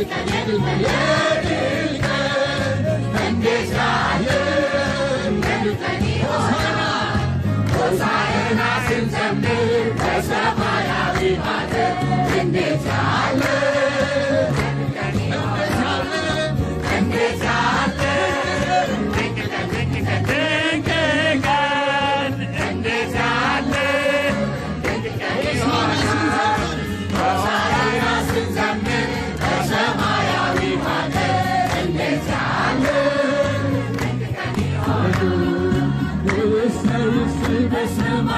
yeah, viene el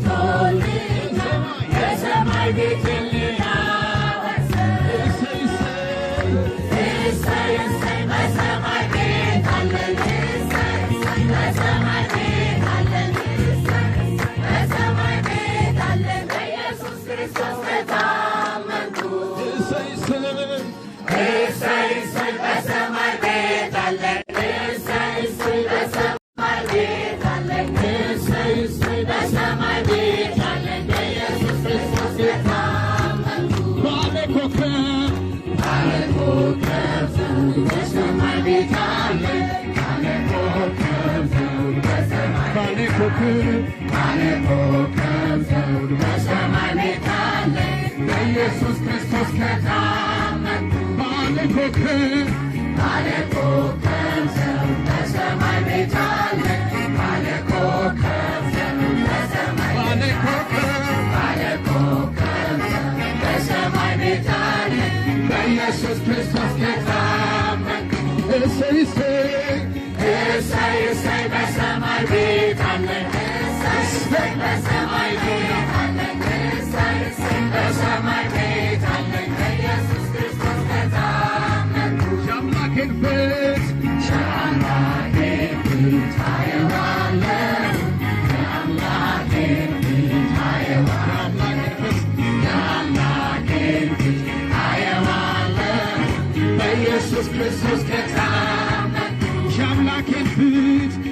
it. Jesus Christus, get out. Jesus Christus, der Tag, der Tag, der Tag, der Tag, der Tag, der Tag, der Tag, der Tag, der Tag, der Tag, der Tag, der Tag, der Tag, der Tag, der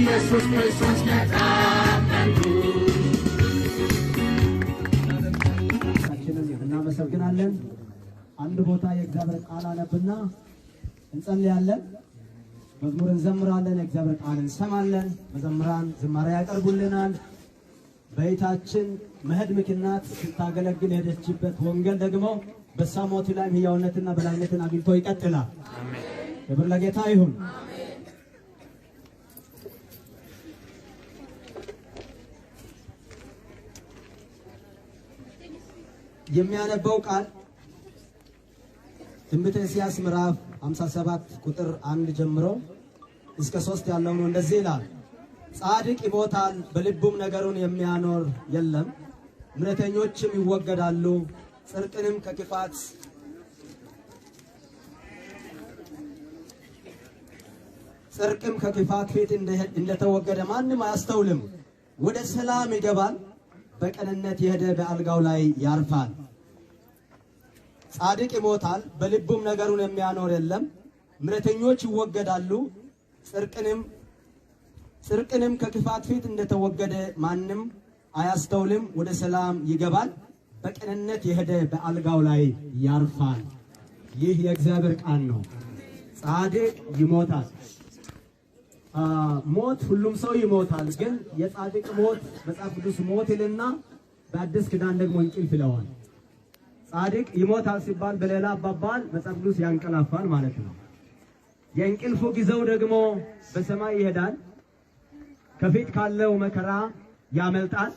ኢየሱስ ክርስቶስ ለታመኑ እናመሰግናለን። አንድ ቦታ የእግዚአብሔር ቃል አነብና እንጸልያለን፣ መዝሙር እንዘምራለን፣ የእግዚአብሔር ቃል እንሰማለን፣ መዘምራን ዝማሬ ያቀርቡልናል። በይታችን መሄድ ምክንያት ስታገለግል የሄደችበት ወንጌል ደግሞ በሳሞቱ ላይ ህያውነትና በላይነትን አግኝቶ ይቀጥላል። ክብር ለጌታ ይሁን። የሚያነበው ቃል ትንቢተ ኢሳይያስ ምዕራፍ 57 ቁጥር አንድ ጀምሮ እስከ ሶስት ያለውን እንደዚህ ይላል ጻድቅ ይሞታል፣ በልቡም ነገሩን የሚያኖር የለም። እምነተኞችም ይወገዳሉ፣ ጽርቅንም ከክፋት ጽርቅም ከክፋት ፊት እንደተወገደ ማንም አያስተውልም። ወደ ሰላም ይገባል፣ በቅንነት የሄደ በአልጋው ላይ ያርፋል። ጻድቅ ይሞታል፣ በልቡም ነገሩን የሚያኖር የለም። እምነተኞች ይወገዳሉ፣ ጽርቅንም ስርቅንም ከክፋት ፊት እንደተወገደ ማንም አያስተውልም፣ ወደ ሰላም ይገባል፣ በቅንነት የሄደ በአልጋው ላይ ያርፋል። ይህ የእግዚአብሔር ቃል ነው። ጻድቅ ይሞታል። ሞት ሁሉም ሰው ይሞታል። ግን የጻድቅ ሞት መጽሐፍ ቅዱስ ሞት ይልና በአዲስ ኪዳን ደግሞ እንቅልፍ ይለዋል። ጻድቅ ይሞታል ሲባል በሌላ አባባል መጽሐፍ ቅዱስ ያንቀላፋል ማለት ነው። የእንቅልፉ ጊዜው ደግሞ በሰማይ ይሄዳል። ከፊት ካለው መከራ ያመልጣል።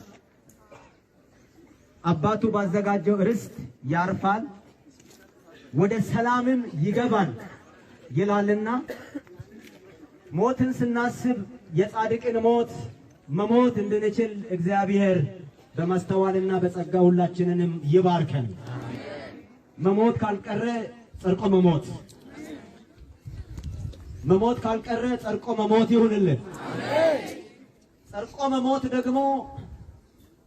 አባቱ ባዘጋጀው ርስት ያርፋል፣ ወደ ሰላምም ይገባል ይላልና ሞትን ስናስብ የጻድቅን ሞት መሞት እንድንችል እግዚአብሔር በማስተዋልና በጸጋ ሁላችንንም ይባርከን። መሞት ካልቀረ ጸርቆ መሞት መሞት ካልቀረ ጸርቆ መሞት ይሁንልን። ጸድቆ መሞት ደግሞ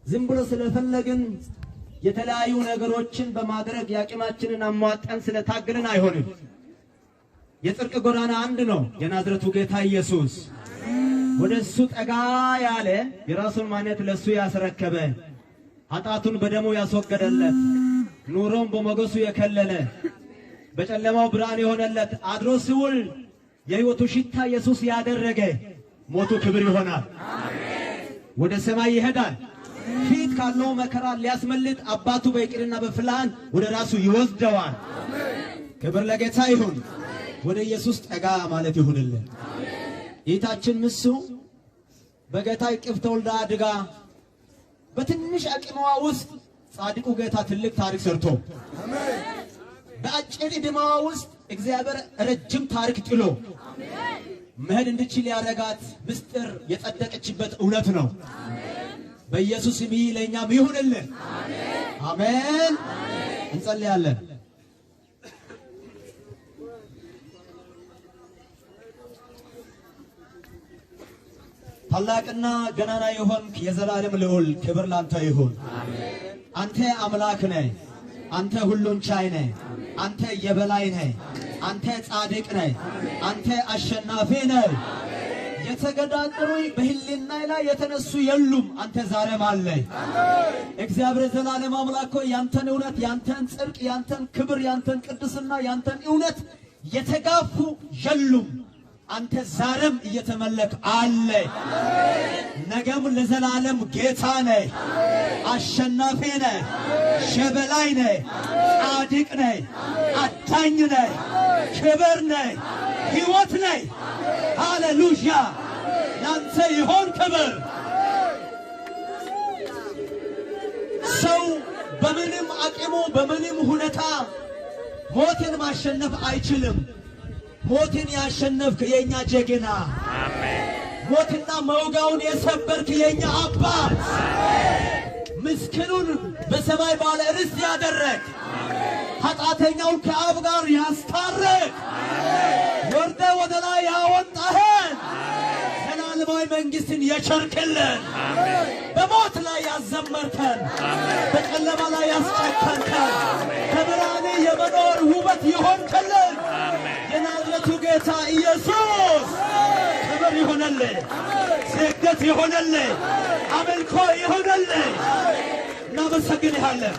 ዝም ብሎ ስለፈለግን የተለያዩ ነገሮችን በማድረግ የአቂማችንን አሟጠን ስለታግልን አይሆንም። የጽድቅ ጎዳና አንድ ነው። የናዝረቱ ጌታ ኢየሱስ ወደ እሱ ጠጋ ያለ የራሱን ማንነት ለእሱ ያስረከበ ኃጢአቱን በደሙ ያስወገደለት ኑሮን በሞገሱ የከለለ በጨለማው ብርሃን የሆነለት አድሮ ሲውል የሕይወቱ ሽታ ኢየሱስ ያደረገ ሞቱ ክብር ይሆናል። ወደ ሰማይ ይሄዳል። ፊት ካለው መከራ ሊያስመልጥ አባቱ በይቅርና በፍላን ወደ ራሱ ይወስደዋል። ክብር ለጌታ ይሁን። ወደ ኢየሱስ ጠጋ ማለት ይሁንልን። ጌታችን ምሱ በጌታ ይቅፍ ተወልዳ አድጋ በትንሽ አቅሟ ውስጥ ጻድቁ ጌታ ትልቅ ታሪክ ሰርቶ በአጭር ዕድሜዋ ውስጥ እግዚአብሔር ረጅም ታሪክ ጥሎ መሄድ እንድችል ያደረጋት ምስጢር የጸደቀችበት እውነት ነው። በኢየሱስ ስም ለእኛም ይሁንልን። አሜን። እንጸልያለን። ታላቅና ገናና የሆንክ የዘላለም ልዑል ክብር ላንተ ይሁን። አንተ አምላክ ነህ። አንተ ሁሉን ቻይ ነህ። አንተ የበላይ ነህ፣ አንተ ጻድቅ ነህ፣ አንተ አሸናፊ ነህ። የተገዳጠሩኝ በህሊና ላይ የተነሱ የሉም። አንተ ዛሬም አለ። እግዚአብሔር ዘላለም አምላክ ሆይ ያንተን እውነት፣ ያንተን ጽድቅ፣ ያንተን ክብር፣ ያንተን ቅድስና፣ ያንተን እውነት የተጋፉ የሉም። አንተ ዛሬም እየተመለክ አለ። ነገም ለዘላለም ጌታ ነህ፣ አሸናፊ ነህ፣ ሸበላይ ነህ፣ ጻድቅ ነህ፣ አዳኝ ነህ፣ ክብር ነህ፣ ሕይወት ነህ። ሃሌሉያ! ለአንተ ይሆን ክብር። ሰው በምንም አቅሙ በምንም ሁኔታ ሞትን ማሸነፍ አይችልም። ሞትን ያሸነፍክ የእኛ ጀግና፣ ሞትና መውጋውን የሰበርክ የእኛ አባት፣ ምስኪኑን በሰማይ ባለ ርስት ያደረግ፣ ኃጢአተኛውን ከአብ ጋር ያስታረቅ፣ ወርደ ወደ ላይ ያወጣህን፣ ዘላለማዊ መንግሥትን የቸርክልን፣ በሞት ላይ ያዘመርከን፣ በጨለማ ላይ ያስጨከንከን፣ ከብርሃኔ የመኖር ውበት ይሆንክልን የአባቱ ጌታ ኢየሱስ ክብር ይሆነልህ፣ ስግደት ይሆነልህ፣ አምልኮ ይሆነልህ። እናመሰግንሃለን።